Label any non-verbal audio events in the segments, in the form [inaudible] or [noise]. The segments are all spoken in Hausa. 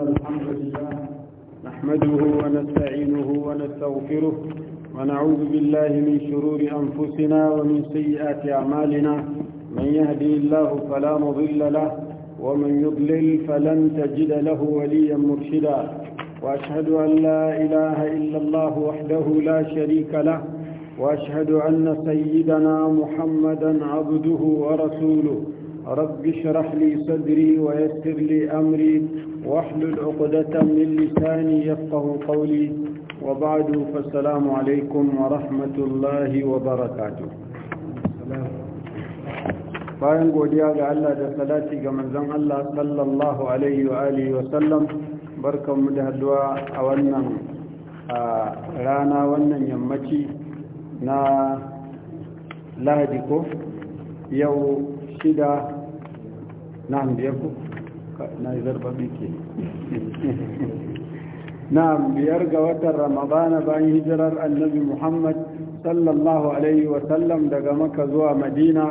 الحمد لله نحمده ونستعينه ونستغفره ونعوذ بالله من شرور أنفسنا ومن سيئات أعمالنا من يهدي الله فلا مضل له ومن يضلل فلن تجد له وليا مرشدا وأشهد أن لا إله إلا الله وحده لا شريك له وأشهد أن سيدنا محمدا عبده ورسوله رب اشرح لي صدري ويسر لي أمري واحلل عقدة من لساني يفقه قولي وبعد فالسلام عليكم ورحمة الله وبركاته bayan godiya ga Allah da salati ga manzon Allah sallallahu alaihi wa alihi wa sallam barkanmu da haduwa a wannan rana wannan yammaci na lahadi ko yau shida na'am biyar na zarba bike na'am biyar ga watan ramadana bayan hijirar annabi muhammad sallallahu alaihi wasallam daga maka zuwa madina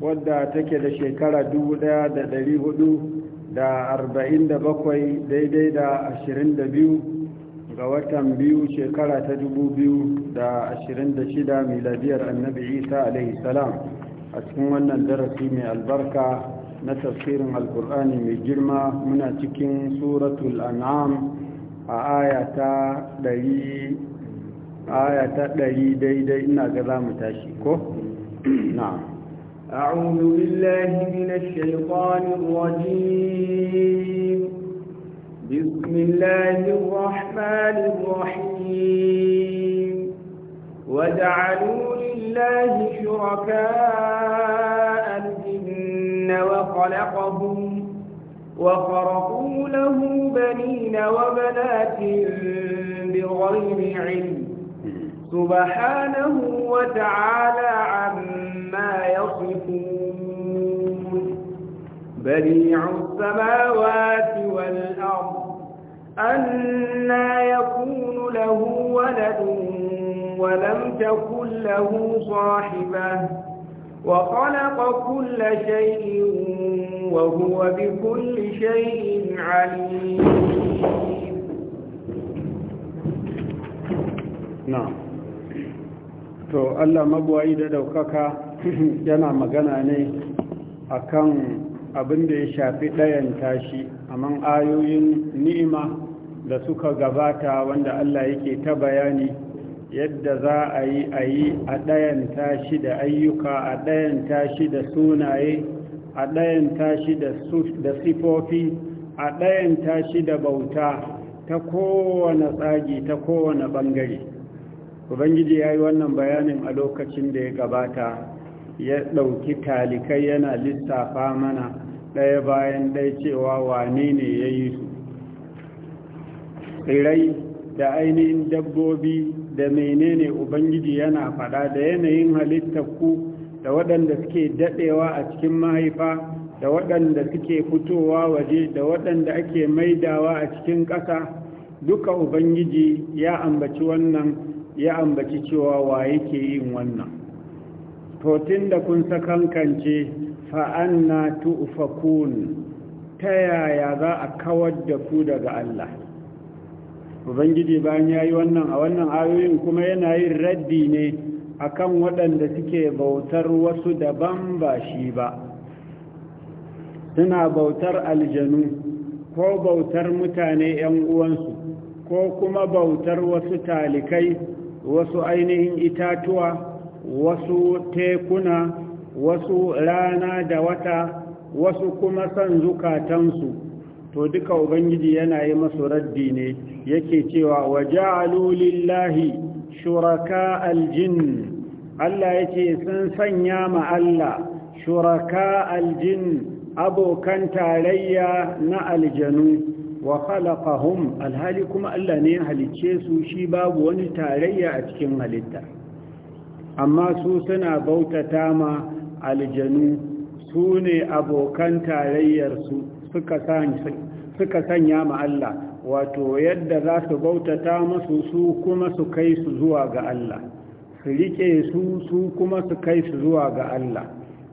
wadda take da shekara 1447 daidai da 22 ga watan biyu shekara ta dubu biyu da da ashirin 2026 miladiyar annabi isa alaihi salam a cikin wannan darasi mai albarka na tafsirin alkur'ani mai girma muna cikin suratul an'am a ayata ɗari ayata ɗari daidai ina ga za mu tashi ko na أعوذ بالله من الشيطان الرجيم بسم الله الرحمن الرحيم وجعلوا لله شركاء الجن وخلقهم وخرقوا له بنين وبنات بغير علم سبحانه وتعالى عما يصفون بديع السماوات والأرض أنا يكون له ولد ولم تكن له صاحبه وخلق كل شيء وهو بكل شيء عليم نعم to Allah magwayi da daukaka yana magana ne akan abin da ya shafi ɗayan tashi amma ayoyin ni'ima da suka gabata wanda Allah yake ta bayani yadda za a yi a yi a ɗayan tashi da ayyuka a ɗayan tashi da sunaye a ɗayan tashi da sifofi a ɗayan tashi da bauta ta kowane tsagi ta kowane ɓangare ubangiji ya yi wannan bayanin a lokacin da ya gabata ya ɗauki talikai yana lissafa mana ɗaya bayan ɗaya cewa wane ne ya yi su tsirai da ainihin dabbobi da menene ubangiji yana faɗa da yanayin halittar ku da waɗanda suke daɗewa a cikin mahaifa da waɗanda suke fitowa waje da waɗanda ake maidawa a cikin ƙasa duka ubangiji ya ambaci wannan ya ambaci cewa wa yake yin wannan tun da kun sakankance fa'anna tu'fakun ta yaya za a kawar da ku daga Allah ubangiji bayan ya yi wannan a wannan ayoyin kuma yana yin raddi ne a kan waɗanda suke bautar wasu daban ba shi ba suna bautar aljanu ko bautar mutane 'yan uwansu ko kuma bautar wasu talikai wasu ainihin itatuwa wasu tekuna wasu rana da wata wasu kuma son zukatansu to duka ubangiji yana yi masu raddi ne yake cewa Waje ja'alu shuraka aljin Allah yake sun sanya ma Allah shuraka aljin abokan tarayya na aljanu wa khalaqahum alhali kuma Allah ne halice su shi babu wani tarayya a cikin halitta amma su suna bautata ma aljanu su ne abokan tarayyar su suka sanya ma Allah wato yadda za su bautata masu su kuma su kai su zuwa ga Allah su rike su su kuma su kai su zuwa ga Allah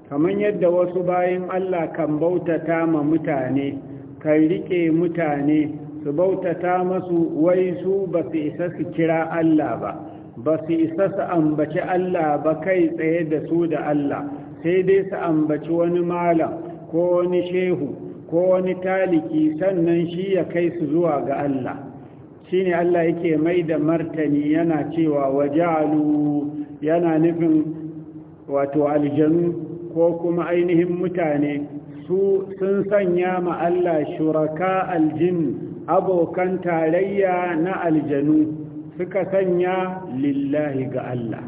kamar yadda wasu bayan Allah kan bautata ma mutane kan rike mutane su bautata masu wai su ba su isa su kira Allah ba ba su isa su ambaci Allah ba kai tsaye da su da Allah sai dai su ambaci wani malam ko wani shehu ko wani taliki sannan shi ya kai su zuwa ga Allah shi ne Allah yake mai da martani yana cewa wajalu yana nufin wato aljanu ko kuma ainihin mutane su sun sanya ma Allah shuraka aljin abokan tarayya na aljanu suka sanya lillahi ga Allah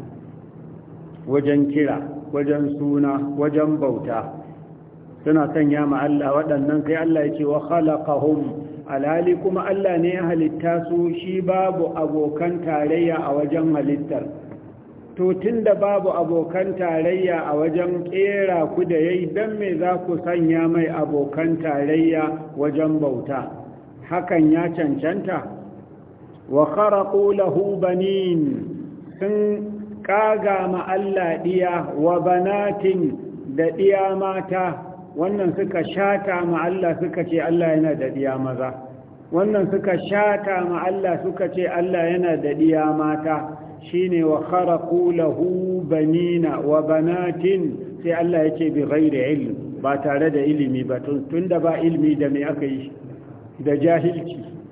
wajen kira wajen suna wajen bauta suna sanya ma Allah waɗannan sai Allah ya ce wa khalaqahum alali kuma Allah ne ya halitta su shi babu abokan tarayya a wajen halittar to tunda babu abokan tarayya a wajen kera ku da yayi dan me za ku sanya mai abokan tarayya wajen bauta hakan ya cancanta wa kharaqu lahu banin sun kaga ma Allah diya wa banatin da diya mata wannan suka shata ma Allah suka ce Allah yana da diya maza wannan suka shata ma Allah suka ce Allah yana da diya mata shine wa kharaqu lahu banina wa banatin sai Allah yake bi ghairi ilm ba tare da ilimi ba tunda ba ilimi da me aka yi da jahilci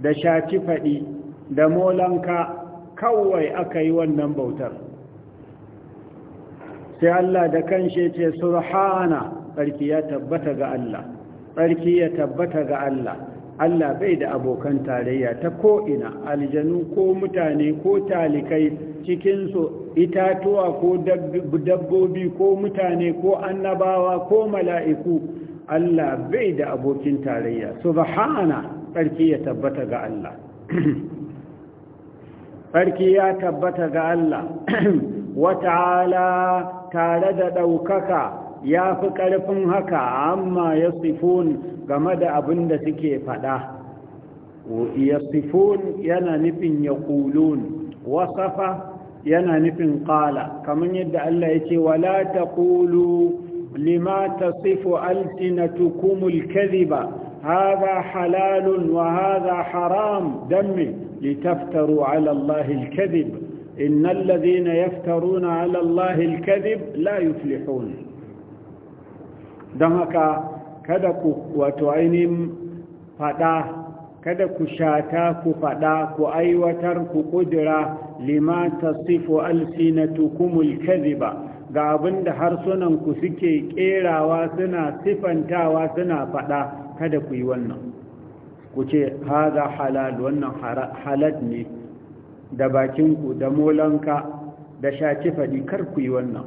da shaci fadi da molanka kawai aka yi wannan bautar sai Allah da kanshi ce surhana tsarki ya tabbata ga Allah tsarki ya tabbata ga Allah Allah bai da abokan tarayya ta ko'ina aljanu ko mutane ko talikai cikinsu itatuwa ko dabbobi ko mutane ko annabawa ko mala'iku Allah bai da abokin tarayya subhana tsarki ya tabbata ga Allah [clears throat] tsarki ya tabbata ga Allah [clears throat] ta'ala tare da ɗaukaka ya fi ƙarfin haka amma ya sifon game da abin da suke faɗa ya sifon yana nufin ya ƙulun wasafa yana nufin ƙala kamar yadda Allah ya ce wala ta ƙulu lima ta sifo altinatukumul kaziba haza halalun wa haza haram don litaftaru ala Allah alkazib إن الذين يفترون على الله الكذب لا يفلحون don haka kada ku wato ainihin fada kada ku shata ku fada ku aiwatar ku kudura lima tasifu alsinatukumul kadhiba ga abinda da harsunanku suke kerawa suna sifantawa suna fada kada ku yi wannan ku ce haza halal wannan halal ne da bakinku da molanka da shaci fadi kar ku yi wannan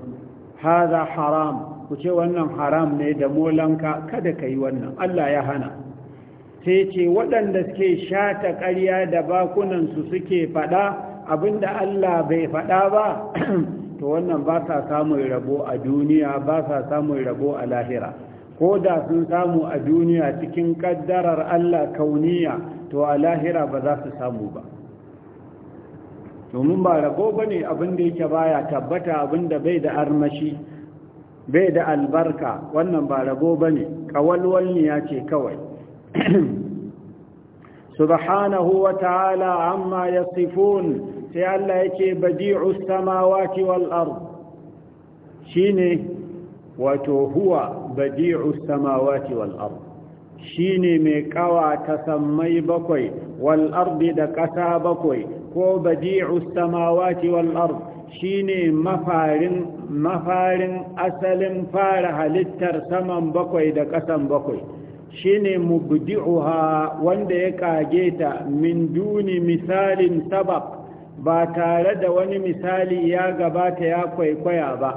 haza haram ku ce wannan haram ne da molanka kada ka yi wannan Allah ya hana sai ce waɗanda suke shata ƙarya da bakunansu suke faɗa abinda Allah bai faɗa ba to wannan ba sa samun rabo a duniya ba sa samun rabo a lahira ko da sun samu a duniya cikin ƙaddarar Allah kauniya to a lahira ba za su samu ba domin ba rabo ba ne abinda yake baya tabbata abinda bai da armashi bai da albarka wannan ba rabo ba ne ƙawalwalniya ce kawai [clears throat] subhanahu wa ta'ala amma ya sifun sai Allah yake badi'u samawati wal ard shine wato huwa badi'u samawati wal ard shine mai kawa ta samai bakwai wal ardi da ƙasa bakwai ko badi'u samawati wal ard shine mafarin mafarin asalin fara halittar saman bakwai da ƙasan bakwai shine mubdi'uha wanda ya kage ta min duni misalin sabab ba tare da wani misali ya gabata ya kwaikwaya ba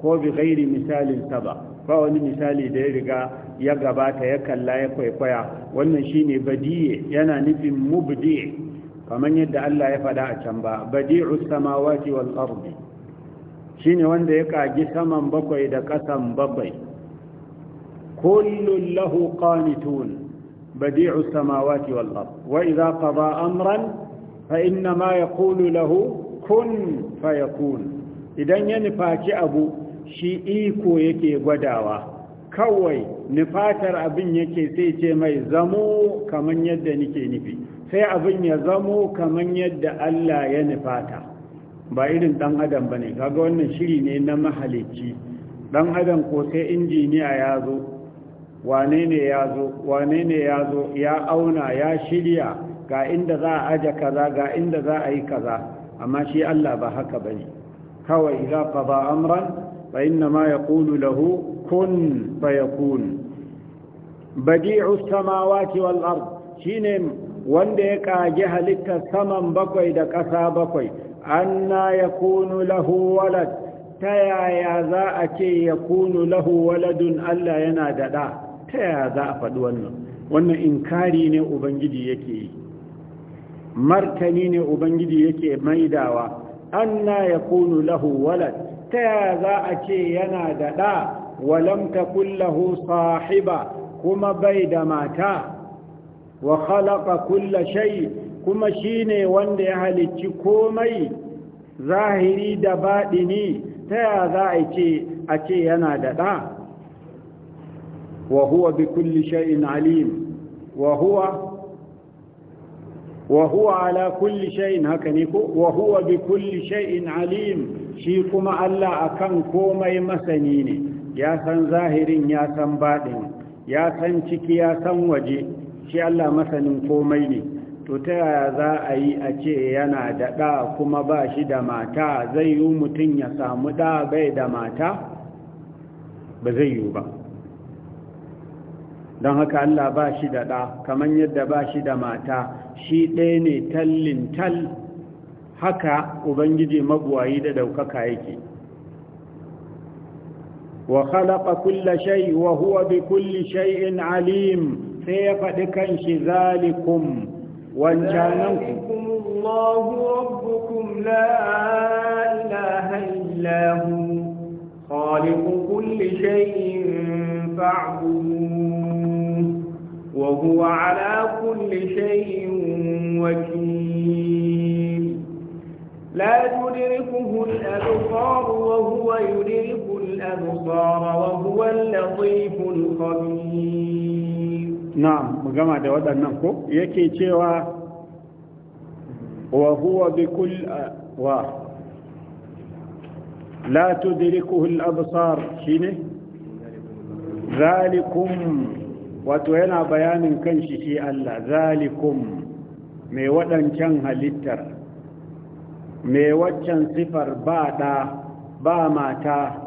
ko bi gairi misalin sabab ba wani misali da ya riga ya gabata ya kalla ya kwaikwaya wannan shine badiye yana nufin mubdi' kamar yadda Allah ya faɗa a can ba badi'u samawati wal ardi shine wanda ya kagi saman bakwai da ƙasan bakwai kullun lahu qanitun badi'u samawati wal ardi wa idza qada amran fa inna ma yaqulu lahu kun fayakun idan ya nufaci abu shi iko yake gwadawa kawai nufatar abin yake sai ce mai zamo kamar yadda nike nufi sai abin ya zamo kaman yadda Allah ya nufata ba irin dan adam bane kaga wannan shiri ne na mahalicci dan adam ko sai injiniya ya zo wane ne ya zo wane ne ya zo ya auna ya shirya ga inda za a aje kaza ga inda za a yi kaza amma shi Allah ba haka bane kawai idza qada amran fa inna ma yaqulu lahu kun fayakun badi'u samawati wal ard shine wanda ya kage halitta saman bakwai da ƙasa bakwai anna yakunu lahu walad ta yaya za a ce yakunu lahu waladun Allah yana da ɗa ta yaya za a faɗi wannan wannan inkari ne ubangiji yake yi martani ne ubangiji yake maidawa anna yakunu lahu walad ta yaya za a ce yana da ولم تكن له صاحبة كما بيد ماتا وخلق كل شيء كما شيني وند أهل كومي ظاهري دبادني تيا ذائتي أتي ينادتا وهو بكل شيء عليم وهو وهو على كل شيء هكنيكو وهو بكل شيء عليم شيكما ألا أكن كومي مسنيني ya san zahirin ya san baɗin ya san ciki ya san waje shi Allah masanin komai ne to ta yaya za a yi a ce yana da ɗa kuma ba shi da mata zai yi mutum ya samu ɗa bai da mata ba zai yi ba don haka Allah ba shi da ɗa kamar yadda ba shi da mata shi ɗaya ne tallin tal haka ubangiji mabuwayi da ɗaukaka yake وخلق كل شيء وهو بكل شيء عليم سيفد كنش ذلكم وانجانكم الله ربكم لا إله إلا هو خالق كل شيء فاعبدوه وهو على كل شيء وكيل لا تدركه الأبصار وهو يدرك الأبصار وهو اللطيف الخبير نعم مجمع ده وده نمكو يكي تيوى وهو بكل و لا تدركه الأبصار شيني ذلكم وتوينا بيان كنش شيء الله ذلكم mai waɗancan halittar mai waccan sifar ba ɗa ba mata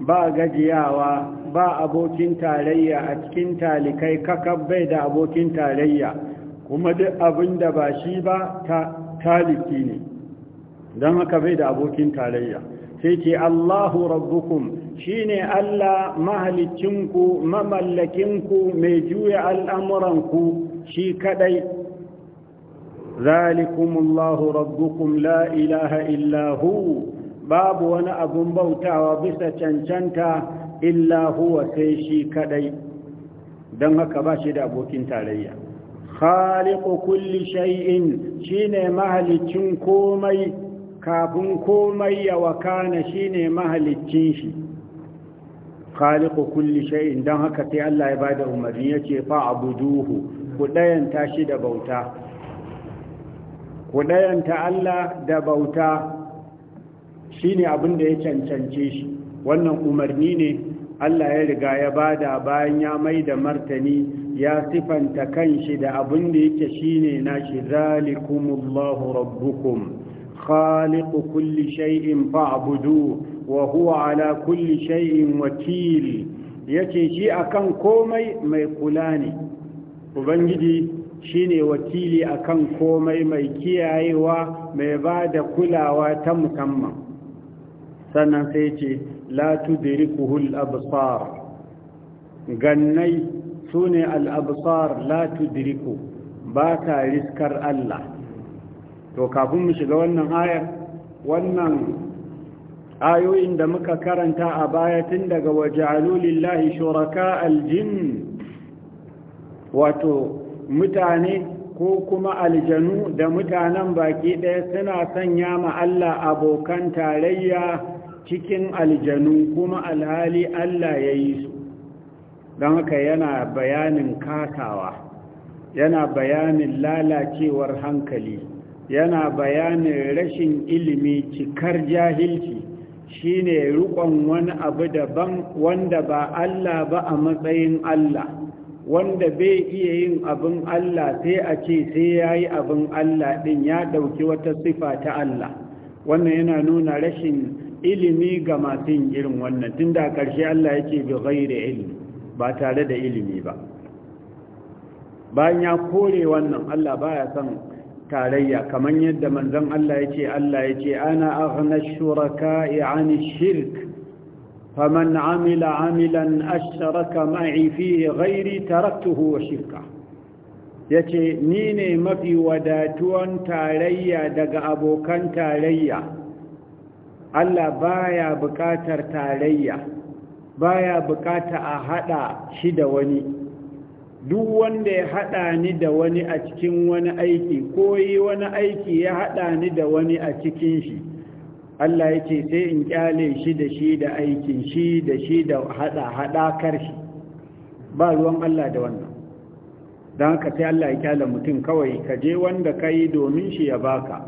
ba gajiyawa ba abokin tarayya a cikin talikai kakab bai da abokin tarayya kuma duk abin da ba shi ba taliki ne don haka bai da abokin tarayya sai ce Allahu rabbukum ne Allah mahalicinku mamallakinku mai juya al'amuranku shi kadai zalikumullahu rabbukum la ilaha illahu babu wani abun bautawa bisa cancanta illa huwa sai shi kadai don haka ba shi da abokin tarayya khaliqu kulli shay'in shine mahalicin komai kafin komai ya wakana shine mahalicin shi khaliqu kulli shay'in don haka sai Allah ya bada umarni yace fa abuduhu ku dayanta shi da bauta ku dayanta Allah da bauta shine abun da ya cancance shi wannan umarni ne Allah ya riga ya bada bayan ya mai da martani ya sifanta kanshi da abun da yake shine nashi zalikumullahu rabbukum khaliqu kulli shay'in fa'budu wa huwa ala kulli shay'in wakil yace shi akan komai mai kula ne ubangiji shine wakili akan komai mai kiyayewa mai bada kulawa ta musamman sannan sai ce la tudrikuhul abusar gannai sune al absar la ba ta riskar Allah to kafin mu shiga wannan ayar wannan ayoyin da muka karanta a baya tun daga waje lillahi shuraka aljin wato mutane ko kuma aljanu da mutanen baki ɗaya suna sanya ma Allah abokan tarayya cikin aljanu kuma alhali Allah ya yi su don haka yana bayanin kakawa yana bayanin lalacewar hankali yana bayanin rashin ilimi cikar jahilci shine rukon wani abu daban wanda ba Allah ba a matsayin Allah wanda bai iya yin abin Allah sai a ce sai ya yi abin Allah ɗin ya ɗauki wata sifa ta Allah wannan yana nuna rashin ilimi ga masu yin irin wannan tun da ƙarshe Allah ya ce bi ghairi ba tare da ilimi ba bayan ya kore wannan Allah baya son tarayya kamar yadda manzon Allah ya ce Allah ya ce ana aghna shuraka'i 'ani shirk faman 'amila 'amilan ashraka ma'i fihi ghairi taraktuhu wa shirka yace ni ne mafi wadatuwan tarayya daga abokan tarayya Allah baya buƙatar tarayya baya buƙata a haɗa shi da wani duk wanda ya haɗa ni da wani a cikin wani aiki ko yi wani aiki ya haɗa ni da wani a cikin shi Allah ya ce sai in kyale shi da shi da aikin shi da shi da hada haɗakar shi ba ruwan Allah da wannan don haka sai Allah ya kyale mutum kawai ka je wanda ka yi domin shi ya baka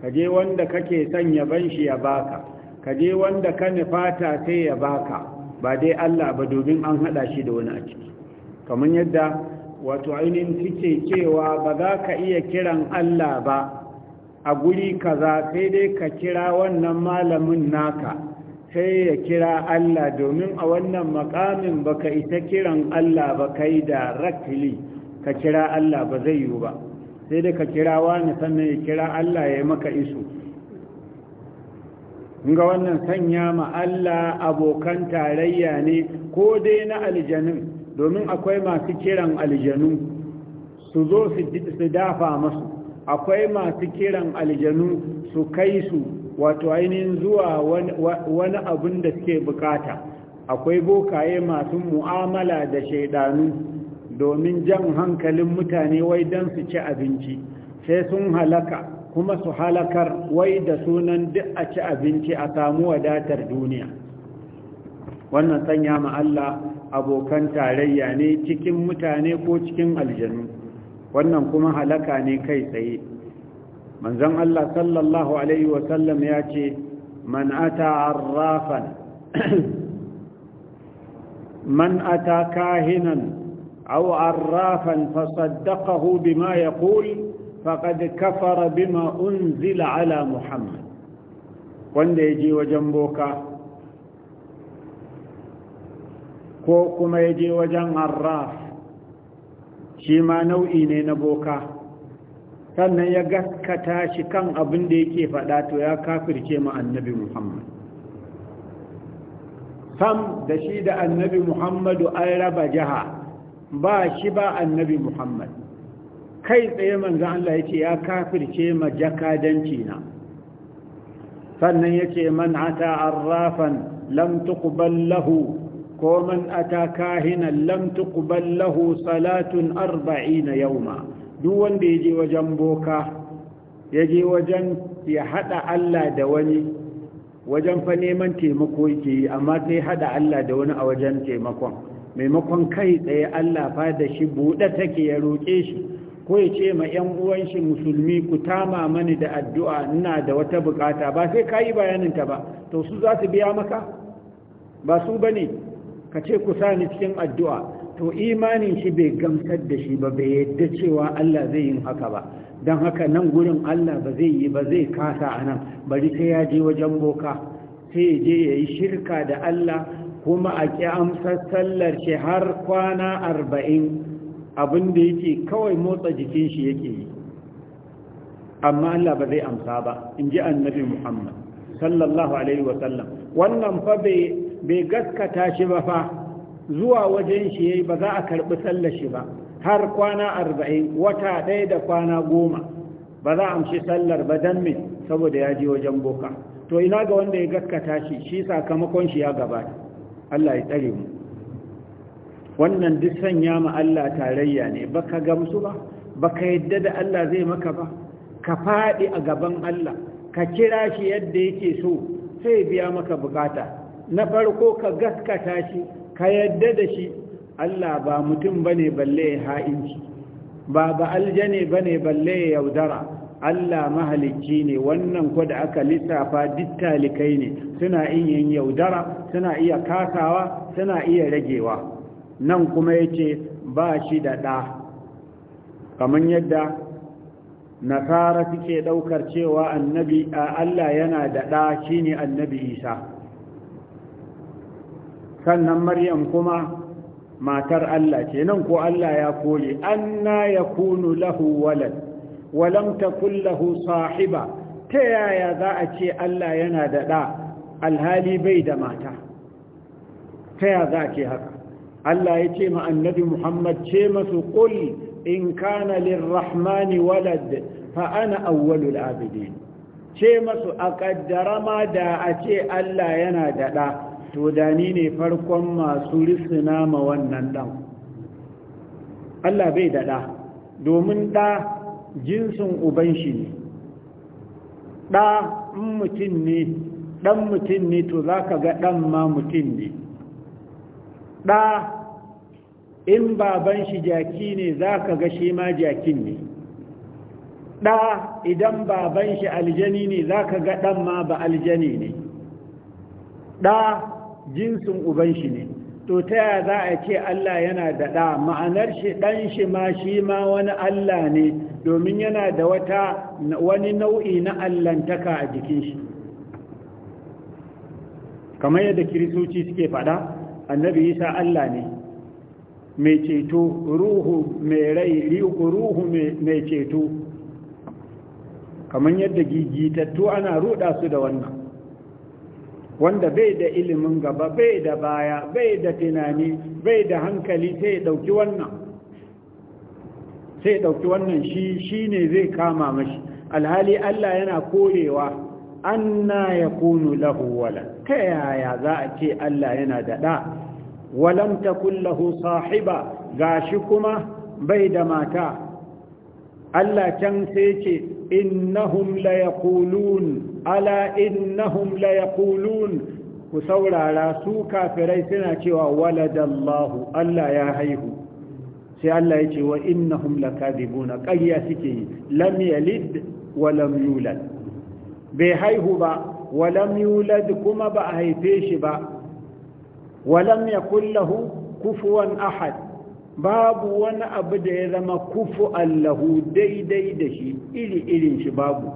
ka je wanda kake son ya ban shi ya baka ka je wanda ka nufata sai ya baka ba dai Allah ba domin an hada shi da wani a ciki kamar yadda wato ainihin suke cewa ba za ka iya kiran Allah ba a guri kaza sai dai ka kira wannan malamin naka sai ya kira Allah domin a wannan makamin baka ita kiran Allah ba kai directly ka kira Allah ba zai yiwu ba sai dai ka kira wani sannan ya kira Allah ya maka isu ga wannan sanya ma Allah abokan tarayya ne ko dai na aljanun domin akwai masu kiran aljanu su zo su dafa masu akwai masu kiran aljanu su kai su wato ainihin zuwa wani abin da suke bukata akwai bokaye masu mu'amala da shaidanu domin jan hankalin mutane wai don su ci abinci sai sun halaka kuma su halakar wai da sunan duk a ci abinci a samu wadatar duniya wannan sanya ma Allah abokan tarayya ne cikin mutane ko cikin aljanu wannan kuma halaka ne kai tsaye manzon Allah sallallahu alaihi wasallam ya ce man ata arrafan [clears throat] man ata kahinan أو عرافا فصدقه بما يقول فقد كفر بما أنزل على محمد wanda ya je wajen boka ko kuma ya je wajen arraf shi ma nau'i ne na boka sannan ya gaskata shi kan abin da yake faɗa to ya kafirce ma annabi muhammad sam da shi da annabi muhammadu an raba jiha ba shi ba annabi muhammad kai tsaye manzo Allah yace ya kafirce ma jakadanci na sannan yace man ata arrafan lam tuqbal lahu ko man ata kahinan lam tuqbal lahu salatun 40 yawma duk wanda ya je wajen boka ya je wajen ya hada Allah da wani wajen fa neman taimako yake yi amma sai hada Allah da wani a wajen taimakon maimakon kai tsaye Allah fa da shi buɗe take ya roƙe shi ko ya ce ma 'yan uwan shi musulmi ku tama mani da addu'a ina da wata bukata ba sai ka yi bayaninta ba to su za su biya maka ba su ba ne ka ce ku sa ni cikin addu'a to imanin shi bai gamsar da shi ba bai yadda cewa Allah zai yi haka ba don haka nan gurin Allah ba zai yi ba zai kasa a nan bari sai ya je wajen boka sai ya je ya yi shirka da Allah kuma a ƙi amsar sallar shi har kwana arba'in abin da yake kawai motsa jikin shi yake yi amma Allah ba zai amsa ba in ji annabi Muhammad sallallahu alaihi wasallam wannan fa bai gaskata shi ba fa zuwa wajen shi yayi ba za a karɓi sallar shi ba har kwana arba'in wata ɗaya da kwana goma ba za a amshi sallar ba don saboda ya je wajen boka to ina ga wanda ya gaskata shi shi sakamakon shi ya gabata Allah ya tsare mu wannan duk sanya ma Allah tarayya ne baka gamsu ba baka yadda da Allah zai maka ba ka faɗi a gaban Allah ka kira shi yadda yake so sai biya maka bukata na farko ka gaskata shi ka yadda da shi Allah ba mutum bane balle ya ha'inci ba ba aljane bane balle ya yaudara Allah mahalicci ne wannan ko da aka lissafa dittalikai ne suna iya yaudara suna iya kasawa suna iya ragewa nan kuma yace ba shi da ɗa kamar yadda nasara suke ɗaukar cewa annabi Allah yana da ɗa shine annabi isa sannan maryam kuma matar Allah ce nan ko Allah ya kore anna yakunu lahu walad walam takun sahiba ta yaya za a ce Allah yana da alhali bai da mata ta yaya za a ce haka Allah ya ce ma annabi Muhammad ce masu qul in kana lirrahmani walad fa ana awwalul abidin ce masu a da a ce Allah yana daɗa? to dani ne farkon masu risina ma wannan Allah bai daɗa domin ɗa jinsin uban shi ne ɗa mutum ne ɗan mutum ne to za ka ga ɗan ma mutum ne ɗa in baban shi jaki ne za ka ga shi ma jakin ne ɗa idan baban shi aljani ne za ka ga ɗan ma ba aljani ne ɗa jinsin uban shi ne to ta yaya za a ce Allah yana da ɗa ma'anar shi ɗan shi ma shi ma wani Allah ne domin yana da wata wani nau'i na allantaka a jikin shi kamar yadda kiristoci suke fada annabi isa allah ne mai ceto ruhu mai rai ruhu mai ceto kamar yadda gigitattu ana ruda su da wannan wanda bai da ilimin gaba bai da baya bai da tunani bai da hankali sai ya dauki wannan sai ya ɗauki wannan shi shi ne zai kama mashi alhali Allah yana korewa anna ya kunu lahu wala ta yaya za a ce Allah yana da ɗa walam kullahu sahiba gashi kuma bai da mata Allah can sai ce innahum la yaqulun ala innahum la yaqulun ku saurara su kafirai suna cewa waladallahu Allah ya haihu sai Allah ya ce wa innahum lakadibuna ƙarya suke yi lam yalid wa lam yulad bai haihu ba wa lam yulad kuma ba a haife shi ba wa lam yakul lahu kufuwan ahad babu wani abu da ya zama kufu allahu daidai da shi iri irin shi babu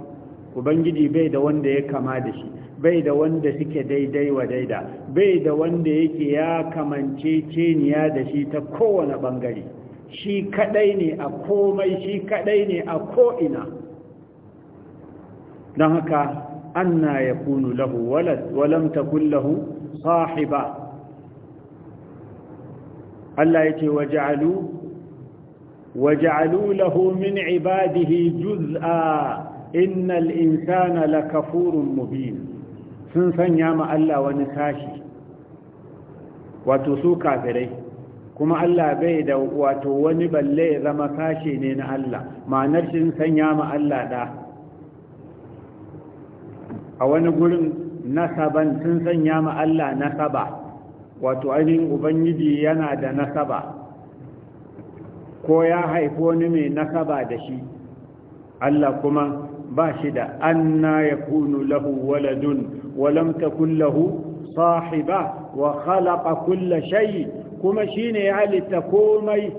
ubangiji bai da wanda ya kama da shi bai da wanda suke daidai wa daida bai da wanda yake ya kamanceceniya da shi ta kowane bangare shi kadai ne a komai shi kadai ne a ko'ina don haka anna ya kunu lahu walad walam lahu sahiba Allah ya ce waja'alu lahu min ibadihi juz'a innal insana lakafurun mubin sun sanya ma Allah wani sashi wato su kafirai kuma Allah bai da wato wani balle ya zama sashe ne na Allah ma'anar shi sanya ma Allah da a wani gurin nasaban sun sanya ma Allah nasaba wato ainihin ubangiji yana da nasaba ko ya haifi wani mai nasaba da shi Allah kuma ba shi da anna yakunu lahu waladun wa lam takun lahu sahiba wa khalaqa kulla shai.' kuma shine ya halitta komai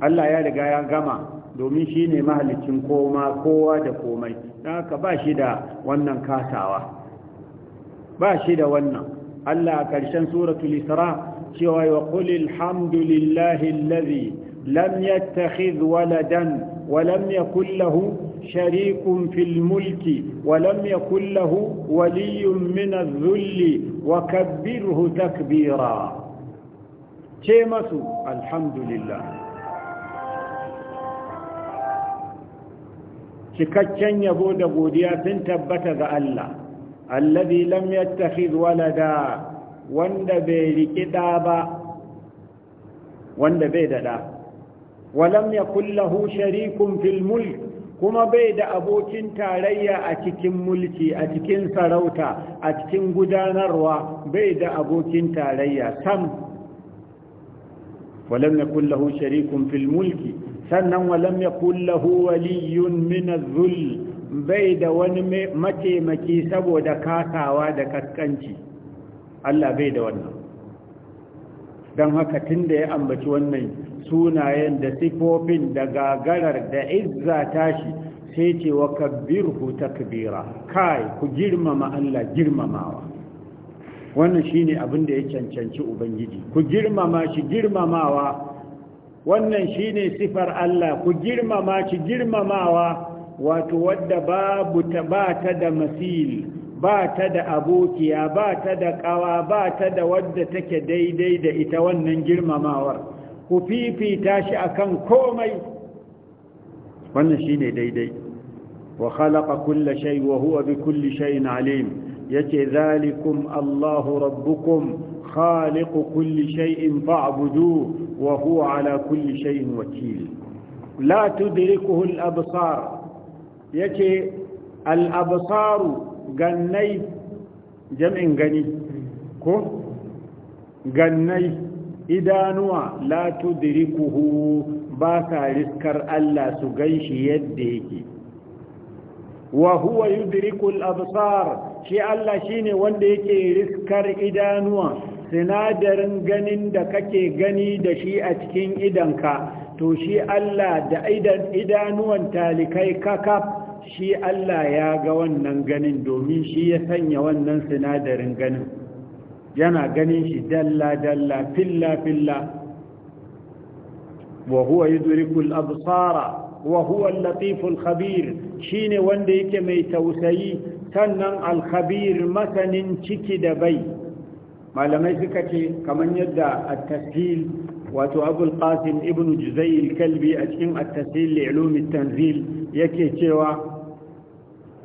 Allah ya riga ya gama domin shine mahalicin koma kowa da komai don haka ba shi da wannan kasawa ba shi da wannan Allah a ƙarshen suratul isra cewa wa qulil hamdulillahi allazi lam yattakhidh waladan wa lam yakul lahu sharikun fil mulki ولم يكن له ولي من الذل وكبره تكبيرا تيمس الحمد لله cikakken yabo da godiya sun tabbata ga Allah allazi lam yattakhidh walada wanda bai riki da ba wanda bai da da walam yakul lahu sharikun fil mulk kuma bai da abokin tarayya a cikin mulki a cikin sarauta a cikin gudanarwa bai da abokin tarayya sam walam yakul lahu sharikun fil mulki sannan walam yakul lahu waliyyun min adh-dhull bai da wani mataimaki saboda kasawa da kaskanci Allah bai da wannan don haka tunda ya ambaci wannan sunayen da sifofin da gagarar da izza tashi sai ce wa kabbirhu takbira kai ku girmama Allah girmamawa wannan shine abin da ya cancanci ubangiji ku girmama shi girmamawa wannan shine sifar Allah ku girmama shi girmamawa wato wadda babu ta ba da masil ba ta da abokiya ba ta da kawa ba ta da wadda take daidai da ita wannan girmamawar ku fifita shi akan komai wannan shine daidai wa khalaqa kulla shay wa huwa bi kulli shay'in alim yace zalikum Allahu rabbukum khaliqu kulli shay'in fa'buduhu wa huwa ala kulli shay'in wakil la tudrikuhu al-absar yace al-absaru gannai jam'in gani ko gannai idanuwa la tudrikuhu ba sa riskar Allah su ganshi yadda yake wa huwa yudrikul absar shi Allah shine wanda yake riskar idanuwa sinadarin ganin da kake gani da shi a cikin idanka to shi Allah da idan idanuwan talikai kaka shi Allah ya ga wannan ganin domin shi ya sanya wannan sinadarin ganin yana ganin shi dalla dalla filla filla wa huwa yudriku al-absara wa huwa al shine wanda yake mai tausayi sannan al masanin ciki da bai malamai suka ce kaman yadda a tafsil wato abul qasim ibn juzayy kalbi a cikin a tafsil li tanzil yake cewa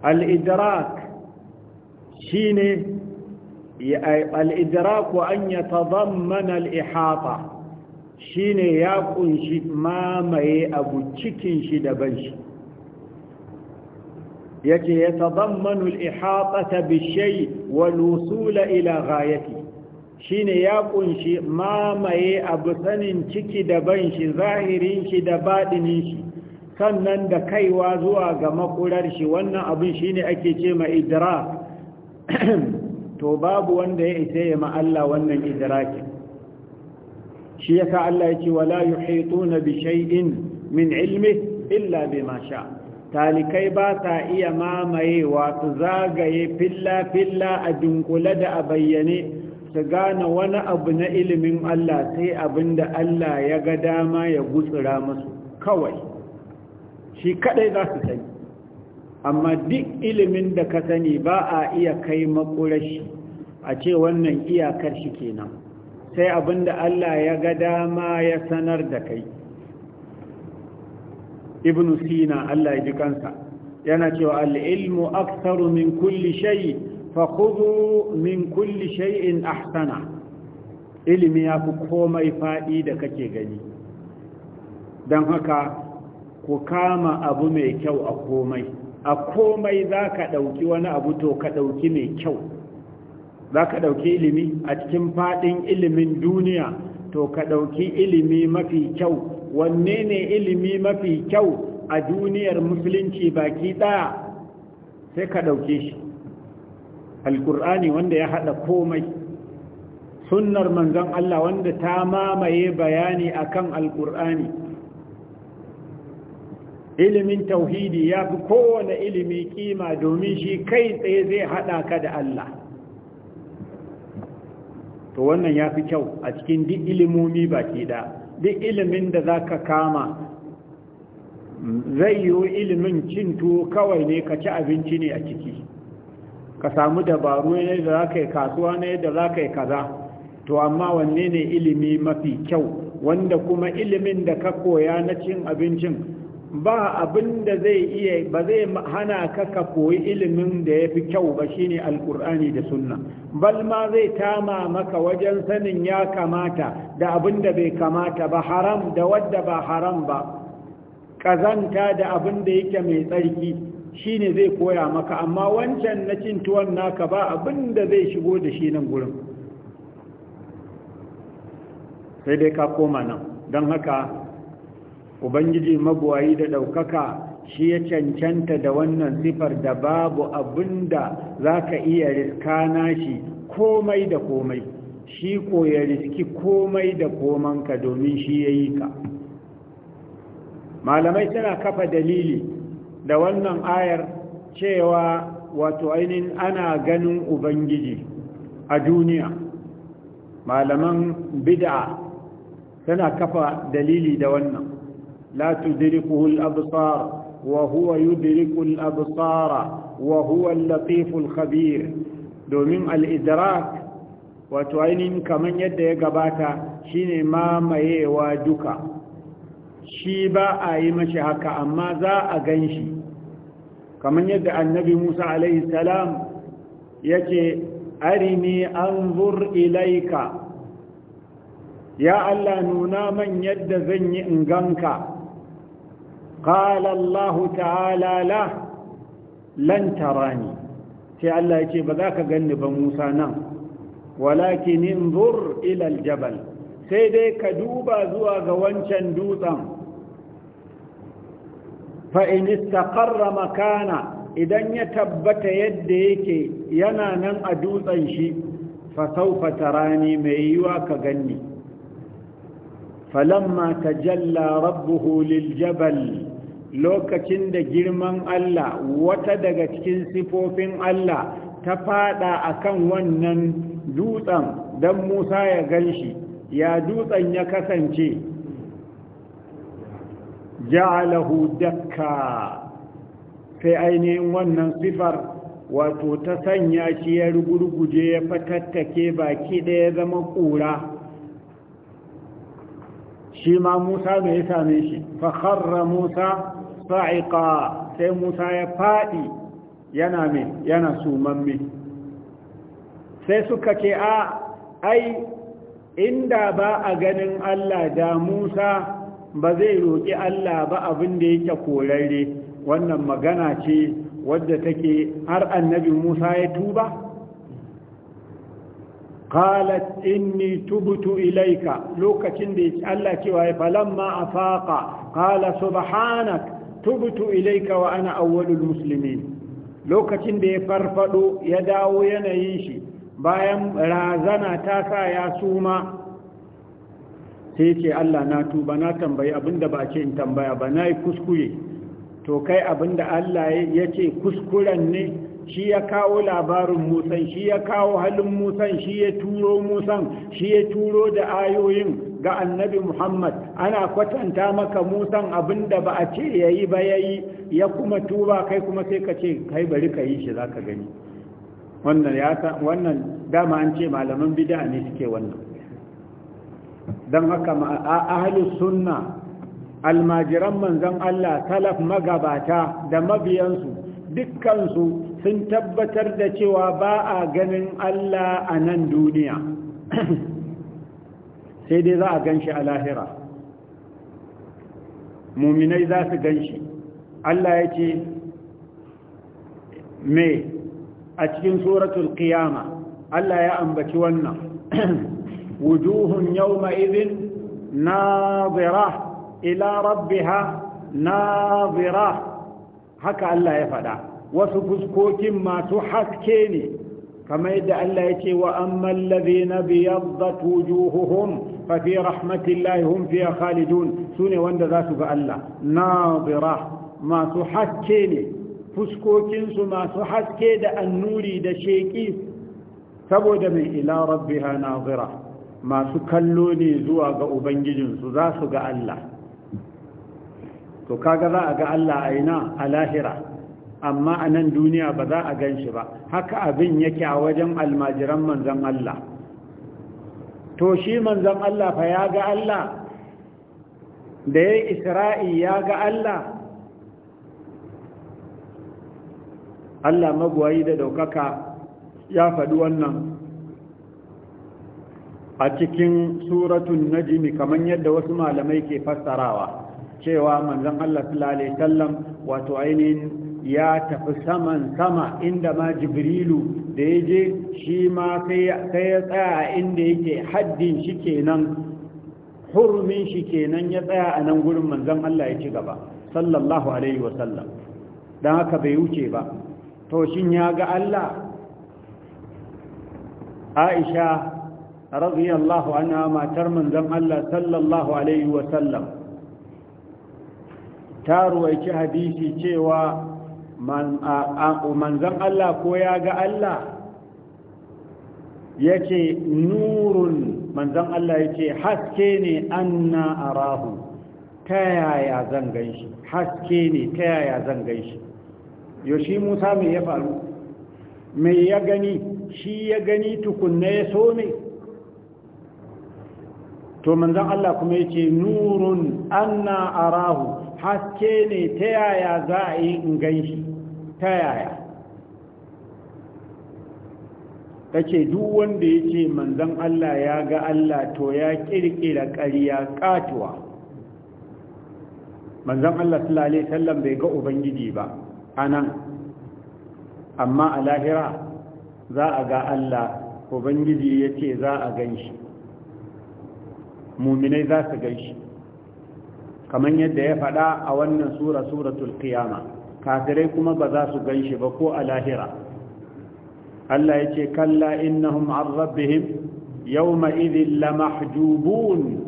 al-idrak shine al'idraku an ya tazammana al'ihata shi ne ya kunshi mamaye abu cikin shi shi yake ya tazammanu al'ihatata bishai walusula ila ghayati shi ne ya kunshi mamaye abu sanin ciki daban shi zahirin shi da baɗinin shi sannan da kaiwa zuwa ga makurar shi wannan abun shi ake ce ma idrak [clears throat] to babu wanda ya isa ya Allah wannan idrakin shi yasa Allah ya ce wala yuhituna bi shay'in min ilmi illa bima sha talikai ba ta iya mamayewa su zagaye filla filla a dunkule da a bayyane su gane wani abu na ilimin Allah sai abinda Allah ya ga dama ya gutsura musu kawai shi kadai za su sani amma duk ilimin da ka sani ba a iya kai makurashi a ce wannan iyakar shi kenan sai abinda Allah ya ga dama ya sanar da kai ibn sina Allah ya ji kansa yana cewa al-ilmu aktharu min kulli shay fa khudhu min kulli shay'in ahsana ilimi ya fi komai faɗi da kake gani dan haka ku kama abu mai kyau a komai a komai za ka ɗauki wani abu to ka ɗauki mai kyau za ka ɗauki ilimi a cikin faɗin ilimin duniya to ka ɗauki ilimi mafi kyau wanne ne ilimi mafi kyau a duniyar musulunci baki ɗaya sai ka ɗauke shi alkur'ani wanda ya haɗa komai sunnar manzon Allah wanda ta mamaye bayani akan alkur'ani ilimin tauhidi ya fi kowane ilimi kima domin shi kai tsaye zai haɗa ka da Allah to wannan ya fi kyau a cikin duk ilimomi ba ke da duk ilimin da za ka kama zai yi ilimin cin tuwo kawai ne ka ci abinci ne a ciki ka samu dabaru ne da za ka yi kasuwa ne da za ka yi kaza to amma wanne ne ilimi mafi kyau wanda kuma ilimin da ka koya na cin abincin ba abin da zai iya ba zai hana ka ka koyi ilimin da ya fi kyau ba shine alkur'ani da sunna bal ma zai tama maka wajen sanin ya kamata da abin da bai kamata ba haram da wadda ba haram ba kazanta da abin da yake mai tsarki shine zai koya maka amma wancan na cin tuwon naka ba abin da zai shigo da shi nan gurin sai dai ka koma nan don haka ubangiji magwayi da ɗaukaka shi ya cancanta da wannan sifar da babu abinda da za ka iya riska nashi komai da komai shi ko ya riski komai da komanka domin shi ya yi ka malamai suna kafa dalili da wannan ayar cewa wato ainihin ana ganin ubangiji a duniya malaman bid'a suna kafa dalili da wannan لا تدركه الأبصار وهو يدرك الأبصار وهو اللطيف الخبير دومين الإدراك وتعينين كمن يد يقباتا شين ما ميوا دكا شيبا أي مشهك أما ذا أغنشي كمن يد النبي موسى عليه السلام يجي أرني أنظر إليك يا الله نونا من يد ذني إنغنك قال الله تعالى له لن تراني sai Allah ya ce ba za ka ganni ba Musa nan walakin inzur ila aljabal sai dai ka duba zuwa ga wancan dutsen fa in istaqarra makana idan ya tabbata yadda yake yana nan a dutsen shi fa sawfa tarani mai yiwa ka ganni falamma tajalla rabbuhu Jabal. lokacin da girman Allah wata daga cikin sifofin Allah ta fada akan wannan dutsen don Musa ya ganshi ya dutsen ya kasance ja'alahu dakka sai ainihin wannan sifar wato ta sanya shi ya rugurguje ya fatattake baki ɗaya ya zama ƙura shi ma musa mai same shi fakharra musa sa'iqa sai Musa ya fadi yana me yana sai suka ce a ai inda ba a ganin Allah da Musa ba zai roƙi Allah ba abin da yake korare wannan magana ce wadda take har annabi Musa ya tuba qalat inni tubtu ilayka lokacin da Allah cewa falamma afaqa qala subhanak tubtu ilaika wa ana awwalul muslimin lokacin da ya farfado ya dawo yanayin shi bayan razana ta sa ya suma sai ce Allah na tuba na tambayi abinda ba ce in tambaya ba na yi kuskure to kai abinda Allah ya ce kuskuren ne shi ya kawo labarin musan shi ya kawo halin musan shi ya turo musan shi ya turo da ayoyin ga annabi Muhammad ana kwatanta maka musan abinda da ba a ce ya yi ba ya ya kuma tuba kai kuma sai ka ce kai bari ka yi shi za ka gani wannan dama an ce malaman bida ne suke wannan don haka ahalus sunna almajiran manzon Allah talaf magabata da mabiyansu dukkansu sun tabbatar da cewa ba a ganin Allah a nan duniya sai dai za a gan shi a lahira muminai za su gan shi allah ya ce me a cikin suratul qiyama allah ya ambaci wannan [clears throat] wujuhun yawma Na nazira ila rabbiha zira. haka allah ya faɗa wasu fuskokin masu haske ne kamar yadda allah ya ce wa na biyar biyaddat wujuhuhum ففي رحمة الله هم فيها خالدون سوني وند ذات الله ناظرة ما سحكيني فسكوكين ما سحكي دا النوري دا شيكي سبود من إلى ربها ناظرة ما سكلوني زواغ أبنججن سذاسك الله to kaga za a ga Allah a ina a lahira amma a nan duniya ba za a gan shi ba haka abin yake a wajen almajiran manzan Allah to shi manzon Allah fa ya ga Allah da ya isra'i ya ga Allah Allah magwayi da daukaka ya faɗi wannan a cikin suratun najimi kamar yadda wasu malamai ke fassarawa cewa manzon Allah sallallahu alaihi wasallam wato ainihin ya tafi saman sama inda ma jibrilu da ya je shi ma sai ya tsaya inda yake haddin shi kenan hurumin shi kenan ya tsaya a nan gurin manzon Allah ya ci gaba sallallahu alaihi wasallam don haka bai wuce ba to shi ya ga Allah Aisha radiyallahu anha matar manzon Allah sallallahu alaihi wasallam ta ruwaici hadisi cewa manzan Allah ko ya ga Allah ya ce nurun manzan Allah ya ce haske ne a rahu ta yaya zan gan shi haske ne ta yaya zan gan shi yoshi musa mai ya faru mai ya gani shi ya gani tukunna ya so ne to manzan Allah kuma ya ce nurun a rahu? haske ne ta yaya za a yi in gan shi ta yaya ta ce duk wanda ya ce manzan Allah ya ga Allah to ya kirkira ƙariya ƙatuwa manzan Allah sulale sallam bai ga Ubangiji ba a nan amma a lahira za a ga Allah Ubangiji ya ce za a gan shi muminai za su gan shi kamar yadda ya faɗa a wannan sura suratul qiyama kafirai kuma ba za su ganshi ba ko a lahira Allah ya ce kalla innahum an rabbihim yawma idhin lamahjubun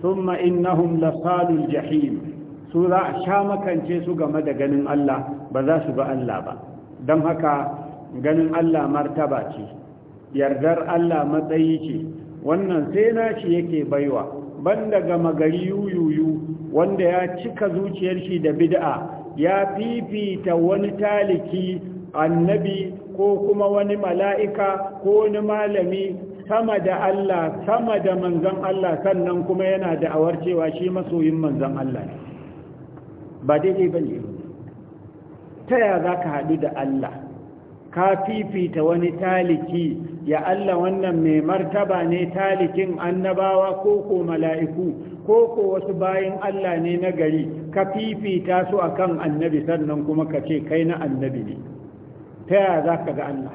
thumma innahum lasalul jahim su za a sha makance su game da ganin Allah ba za su ga Allah ba don haka ganin Allah martaba ce yardar Allah matsayi ce wannan sai nashi yake baiwa banda gama gari yuyuyu wanda ya cika zuciyar shi da bid'a ya fifita wani taliki annabi ko kuma wani mala'ika ko wani malami sama da Allah sama da manzan Allah sannan kuma yana da'awar cewa shi masoyin manzan Allah ba daidai ba ne ta ya za ka haɗu da Allah ka fifita wani taliki ya Allah wannan mai martaba ne talikin annabawa ko ko mala'iku ko ko wasu bayan Allah ne na gari ka fifita su akan annabi sannan kuma ka ce kai na annabi ne ta yaya za ka ga Allah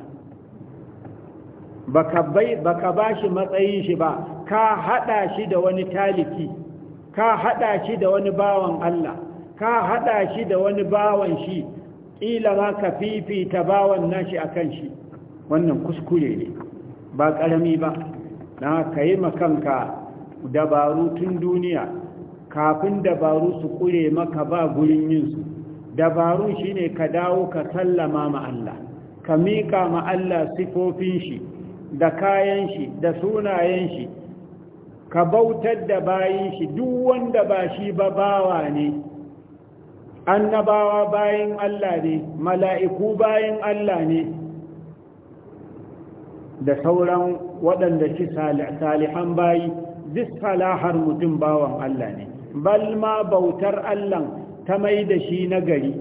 baka ba shi matsayin shi ba ka hada shi da wani taliki ka hada shi da wani bawan Allah ka hada shi da wani bawan shi ƙila ma ka fifita bawan nashi akan shi wannan kuskure ne ba ƙarami ba na ka yi makanka dabaru tun duniya kafin dabaru su ƙure maka ba gurin yinsu dabaru ne ka dawo ka sallama ma Allah ka miƙa ma Allah sifofin shi da kayan shi da sunayen shi ka bautar da bayin shi duk wanda ba shi ba bawa ne annabawa bayin Allah ne mala'iku bayin Allah ne da sauran waɗanda ci salihan bayi duk salahar mutum bawan Allah ne Balma bautar Allah ta mai da shi nagari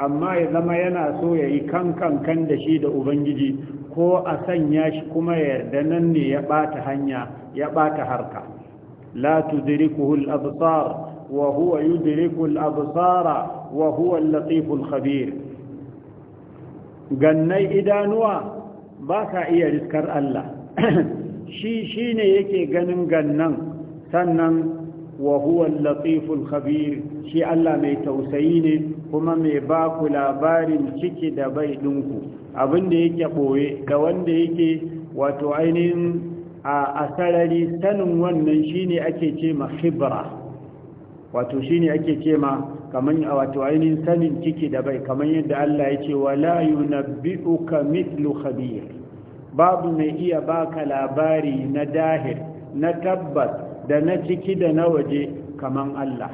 amma ya zama yana so ya yi kankan da shi da ubangiji ko a sanya shi kuma yarda nan ne ya ɓata hanya ya ɓata harka la tudrikuhu al wa huwa yudriku al-absara wa huwa al-latif gannai idanuwa ba ka iya riskar Allah [clears throat] shi shi ne yake ganin gannan sannan wa huwa latiful khabir shi Allah mai tausayi ne kuma mai ba ku labarin ciki da bai ɗinku abinda yake ɓoye da wanda yake wato ainihin a sarari sanin wannan shine ake ce ma khibra wato shine ake ce ma kaman wato ainihin sanin ciki da bai kamar yadda Allah ya ce wala ka mithlu khabir babu mai iya baka labari na dahir na tabbas da na ciki da na waje kaman Allah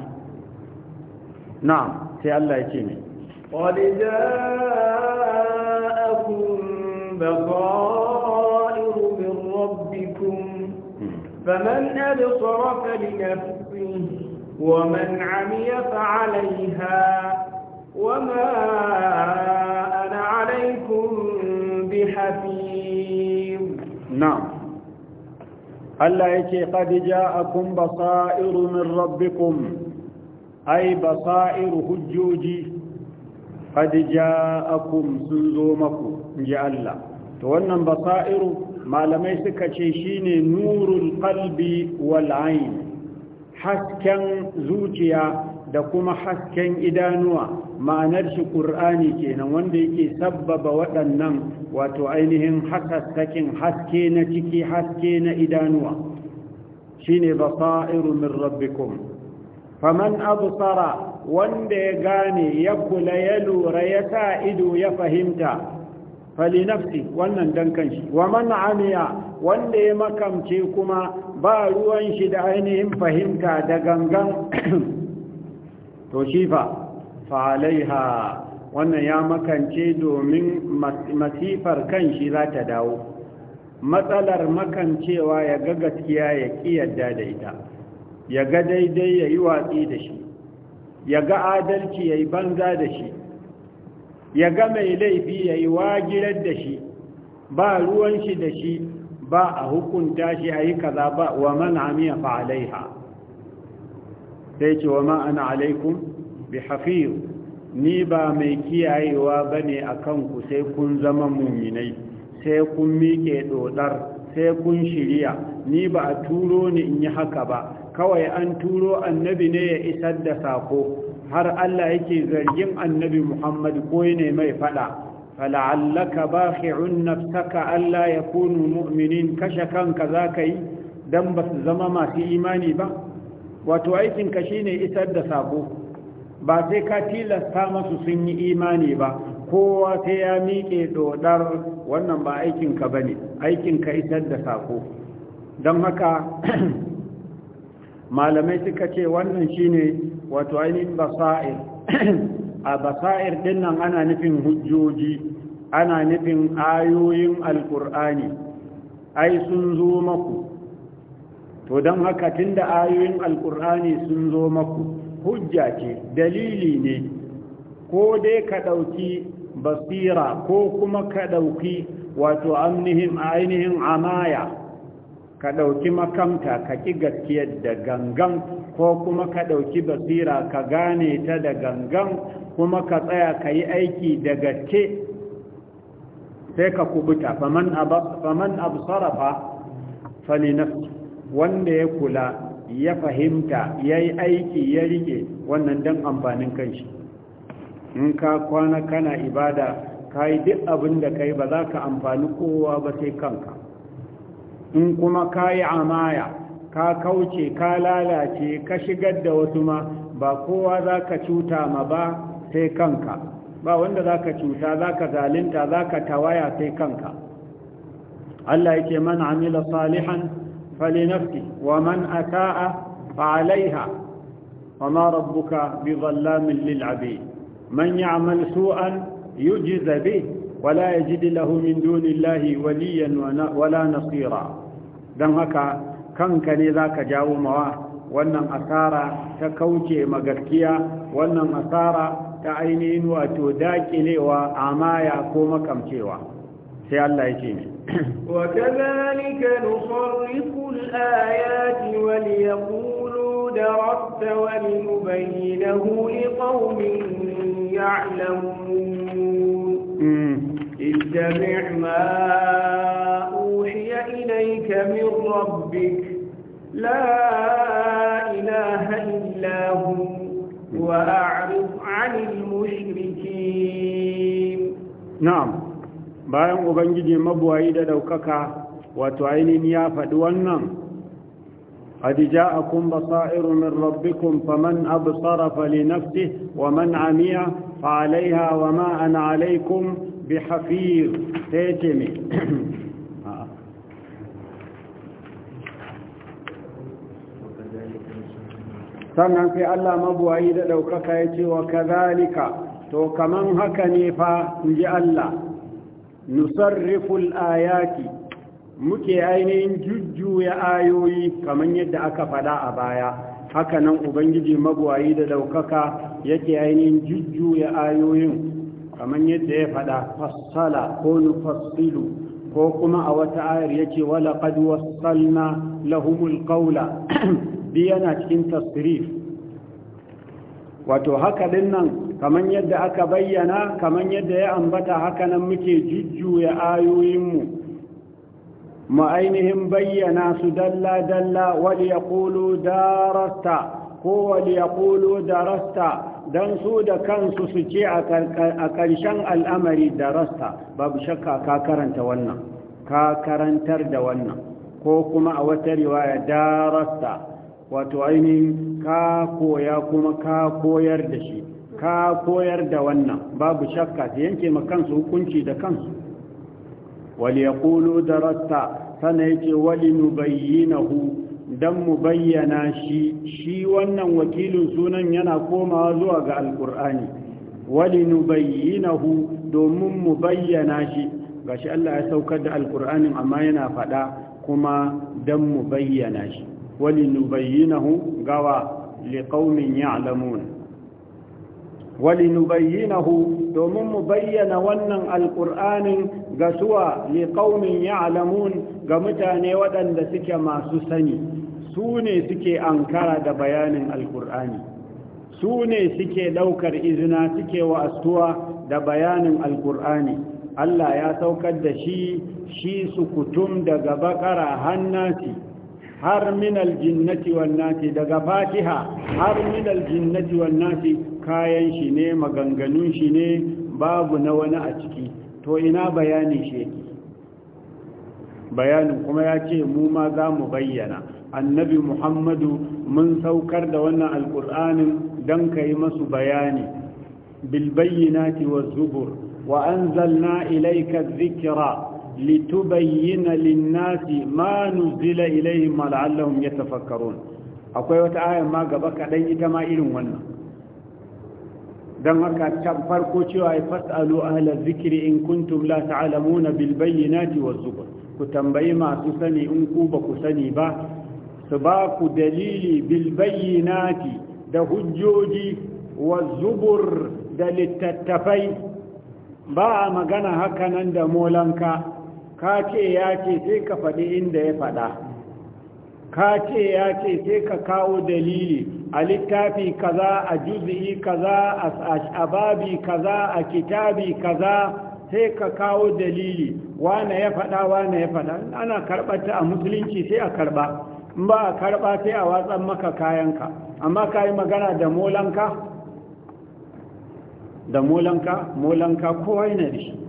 Na, sai Allah ya ce ne qad ja'akum baqa'iru min rabbikum hmm. faman absara falinafsihi ومن عمي فعليها وما أنا عليكم بحفيظ نعم الله يكي قد جاءكم بصائر من ربكم أي بصائر هجوجي قد جاءكم سنزومكم جاء الله وأن بصائر ما لم يسكت شيء نور القلب والعين hasken zuciya da kuma hasken idanuwa ma'anar shi ƙur'ani kenan wanda yake sabbaba waɗannan wato ainihin hasassakin haske na ciki haske na idanuwa shine basairu min rabbikum faman absara wanda ya gane ya kula ya lura ya sa ido ya fahimta falinafsi wannan dankan shi wa man amiya wanda ya makamce kuma ba ruwan shi da ainihin fahimta da gangan [clears throat] to shi fa falaiha wannan ya makance domin masifar kan shi za ta dawo matsalar makancewa ya ga gaskiya ya ƙi yadda da ita ya ga daidai ya yi watsi da shi ya ga adalci ya yi banza da shi ya ga mai laifi ya yi wajirar da shi ba ruwan shi da shi ba a hukunta shi a yi kaza ba wa man amiya fa alaiha sai ce wa ana alaikum bi ni ba mai kiyayewa ba ne a kanku sai kun zama muminai sai kun miƙe dodar sai kun shirya ni ba a turo ni in yi haka ba kawai an turo annabi ne ya isar da sako har Allah yake zargin annabi Muhammad ko ne mai fada fala'allaka bakhi'un Allah alla yakunu mu'minin kashe kanka zaka yi dan ba su zama masu imani ba wato aikin ka shine isar da sako ba sai ka tilasta masu sun yi imani ba kowa sai ya miƙe dodar wannan ba aikin ka bane aikin isar da sako don haka malamai suka ce wannan shine wato ainihin basa'ir a basa'ir dinnan ana nufin hujjoji ana nufin ayoyin Alƙur'ani. ai sun zo maku to don haka tunda ayoyin alkur'ani sun zo maku hujja ce dalili ne ko dai ka ɗauki basira ko kuma ka ɗauki wato amnihim ainihin amaya ka ɗauki makamta ka ƙi gaskiyar da gangan ko kuma ka ɗauki basira ka gane ta da gangan kuma ka tsaya ka yi aiki daga gaske sai ka kubuta faman absarafa falinafsi wanda ya kula ya fahimta ya yi aiki ya rike wannan don amfanin kanshi in ka kwana kana ibada ka yi duk abin da ka yi ba za ka amfani kowa ba sai kanka in kuma ka yi amaya ka kauce ka lalace ka shigar da wasu ma ba kowa za ka cuta ma ba sai kanka ba wanda za ka cuta za ka zalinta za ka tawaya sai kanka Allah yake man amila salihan falinafsi wa man ata'a fa'alaiha wa ma rabbuka bi zallamin lil abid man ya'mal su'an yujza bihi ولا يجد له من دون waliyan وليا ولا نصيرا dan haka kanka ne zaka jawo mawa wannan asara ta kauce ma gaskiya wannan asara ta ainihin wato daƙilewa amaya ko makamcewa sai Allah ya ce ne وكذلك نصرف الآيات وليقولوا درست ولنبينه لقوم يعلمون اتبع ما أوحي إليك من ربك لا إله إلا هو وأعرض عن المشركين نعم bayan ubangiji mabuwayi da ɗaukaka wato ainihin ya faɗi wannan hadija a kun basairu min rabbikum faman abu sarrafa linafsi wa man amiya fa alaiha wa ma ana alaikum bi hafir ta yake sannan sai Allah mabuwayi da ɗaukaka ya ce wa kazalika to kaman haka ne fa in ji Allah nusarriful ayati muke ainihin jujjuya ayoyi kaman yadda aka faɗa a baya haka nan ubangiji mabuwayi da ɗaukaka yake ainihin jujjuya ayoyin kaman yadda ya faɗa fassala ko nufassilu ko kuma a wata ayar yake wala qad wassalna lahumul qawla [clears throat] duk yana cikin tasrif wato haka din nan kaman yadda aka bayyana kaman yadda ya ambata haka nan muke jujjuya ayoyinmu mu ainihin bayyana su dalla-dalla wali ya kulu darasta ko wali ya kulu darasta don su da kansu su ce a ƙarshen al'amari darasta babu shakka ka karanta wannan ka karantar da wannan ko kuma a wata riwaya darasta wato ainihin ka koya kuma ka koyar da shi ka koyar da wannan babu shakka ta yanke kansu hukunci da kansu wali ya kulu darasta sana yake wali hu don mu bayyana shi shi wannan wakilin sunan yana komawa zuwa ga alkur'ani wali hu domin mu bayyana shi gashi Allah ya saukar da alkur'anin amma yana faɗa kuma don mu bayyana shi ولنبينه غوا لقوم يعلمون ولنبينه دومم بينا wannan alquranin ga suwa li qaumin ga mutane waɗanda suke masu sani sune suke ankara da bayanin alqurani sune suke ɗaukar izina suke wa da bayanin alqurani Allah ya saukar da shi shi su kutum daga bakara hannati har min aljinnati wannati daga fatiha har min aljinnati wannati kayan shi ne maganganun shi ne babu na wani a ciki to ina bayani shi bayanin kuma ya ce mu ma za mu bayyana annabi muhammadu mun saukar da wannan alkur'anin don ka yi masu bayani bilbayyinati wa zubur wa anzalna ilaika zikira litubayyana linnasi ma nuzila ilayhim la'allahum yatafakkarun akwai wata aya ma gaba kaɗan ita ma irin wannan Don haka can farko cewa ya fasalu ahla zikri in kuntum la ta'lamuna bil bayyinati waz zubur ku tambayi masu sani in ku ba ku sani ba su ba ku dalili bil bayyinati da hujjoji waz zubur da littattafai ba a magana haka nan da molanka ka ce ya ce sai ka faɗi inda ya faɗa ka ce ya ce sai ka kawo dalili a littafi kaza a juzi'i kaza a babi kaza a kitabi kaza sai ka kawo dalili wane ya faɗa wane ya faɗa ana karɓata a musulunci sai a karɓa in ba a karɓa sai a watsan maka kayanka amma ka yi magana da molanka da molanka molanka kowai na da shi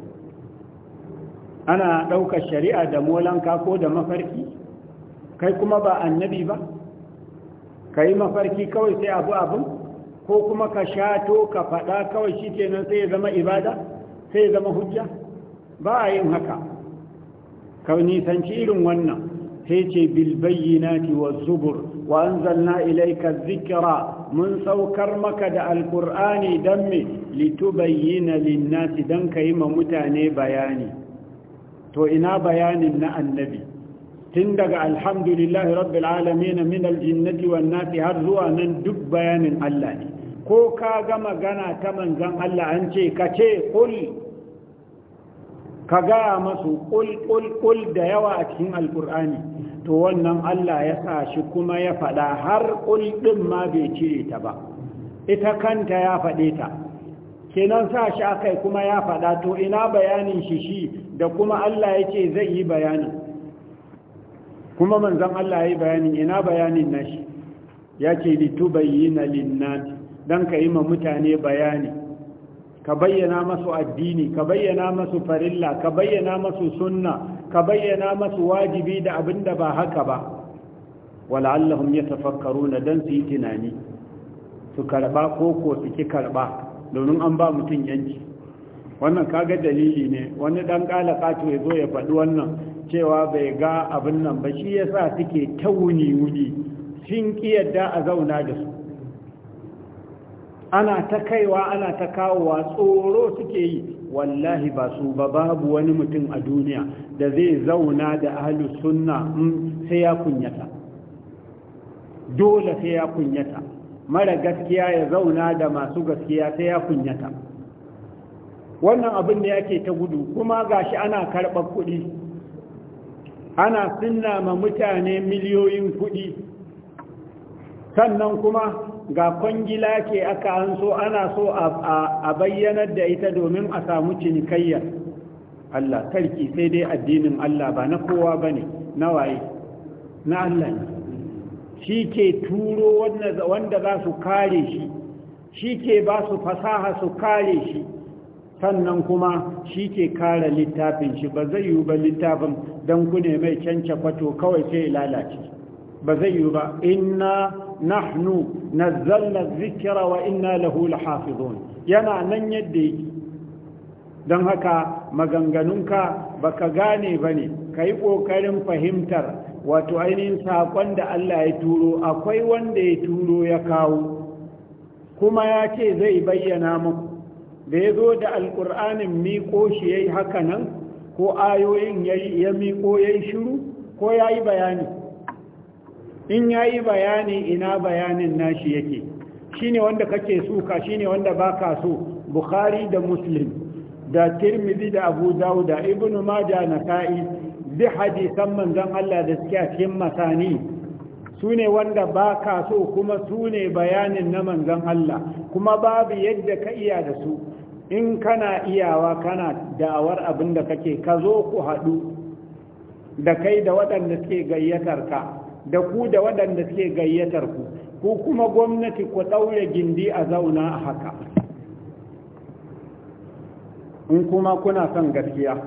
ana ɗaukar shari'a da molanka ko da mafarki kai kuma ba annabi ba ka yi mafarki kawai sai abu abin ko kuma ka shato ka faɗa kawai shi kenan sai ya zama ibada sai ya zama hujja ba a yin haka ka nisanci irin wannan sai ce bilbayyinati wa zubur wa anzalna ilayka zikira. mun saukar maka da alqur'ani dan me litubayyana lin-nasi dan kai ma mutane bayani to ina bayanin na annabi tun daga alhamdulillahi rabbil alamin min aljinnati wan nasi har zuwa nan duk bayanin Allah ne ko ka ga magana ta manzon Allah an ce ka ce kul ka gaya masu ƙulƙulƙul da yawa a cikin alƙur'ani to wannan Allah ya sa shi kuma ya faɗa har ɗin ma bai cire ta ba ita kanta ya faɗe ta kenan sa shi akai kuma ya faɗa to ina bayanin shi shi da kuma Allah ya ce zai yi bayani kuma manzon Allah ya yi bayanin ina bayanin nashi ya ce litubayyana linnati dan ka yi ma mutane bayani ka bayyana masu addini ka bayyana masu farilla ka bayyana masu sunna ka bayyana masu wajibi da abinda ba haka ba wala'allahum yatafakkaruna dan su yi tunani su karba ko ko su ki karba domin an ba mutum yanki wannan kaga dalili ne wani dan kala kato ya zo ya faɗi wannan cewa bai ga abin nan ba shi yasa suke ta wuni-wuni sun ki a zauna da su ana ta kaiwa ana ta kawowa tsoro suke yi wallahi ba su ba babu wani mutum a duniya da zai zauna da ahlus sunna mm, sai ya kunyata dole sai ya kunyata mara gaskiya ya zauna da masu gaskiya sai ya kunyata wannan abin da yake ta gudu kuma gashi ana karɓar kuɗi ana sinna ma mutane miliyoyin kuɗi sannan kuma ga kwangila ke aka an so ana so a bayyanar da ita domin a samu cinikayyar Allah tarki sai dai addinin Allah ba na kowa ba ne na waye na Allah ne shi ke turo wanda za su kare shi shi ke ba su fasaha su kare shi sannan kuma shi ke kare littafin shi ba zai yi ba littafin don ku mai canca kwato kawai sai lalace ba zai yi ba inna nahnu nazzalna zikira wa inna lahu lahafizun yana nan yadda yake don haka maganganunka baka gane ba ne. Ka yi ƙoƙarin fahimtar wato ainihin saƙon da Allah ya turo akwai wanda ya turo ya kawo kuma ya ce zai bayyana muku da ya zo da alƙur'anin miƙo shi ya yi haka nan ko ayoyin ya miƙo ya yi shiru ko ya yi bayani in ya yi bayani ina bayanin nashi yake shi ne wanda kake suka shi ne wanda ba ka so bukhari da muslim da tirmidhi da abu dauda ibn maja na ka'i duk hadisan manzon Allah da suke a cikin masani su ne wanda ba ka so kuma su ne bayanin na manzon Allah kuma babu yadda ka iya da su in kana iyawa kana da'awar abin da kake ka zo ku haɗu da kai da waɗanda suke gayyatar ka da ku da waɗanda suke gayyatar ku ku kuma gwamnati ku ɗaure gindi a zauna a haka in kuma kuna son gaskiya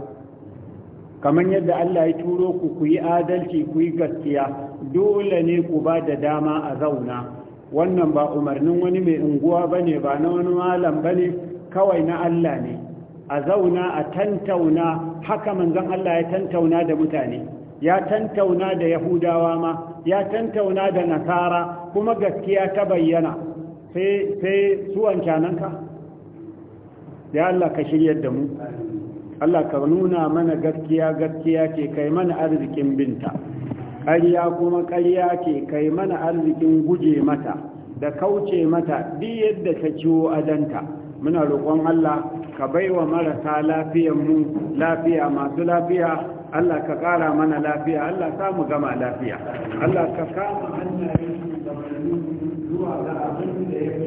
kamar yadda Allah ya turo ku ku yi adalci ku yi gaskiya dole ne ku ba da dama a zauna wannan ba umarnin wani mai unguwa ba ne ba na wani malam ba ne kawai na Allah ne a zauna a tantauna haka manzon Allah ya tantauna da mutane ya tantauna da yahudawa ma ya tantauna da nasara kuma gaskiya ta bayyana sai suwan kyananka ya Allah ka shiryar da mu Allah ka nuna mana gaskiya gaskiya ke kai mana arzikin binta ƙarya kuma ƙarya ke kai mana arzikin guje mata da kauce mata duk yadda ta ciwo adanta muna roƙon Allah ka baiwa marasa lafiyan mu lafiya masu lafiya Allah ka ƙara mana lafiya Allah ka mu gama lafiya Allah ka kama hannayen zuwa ga abin da ya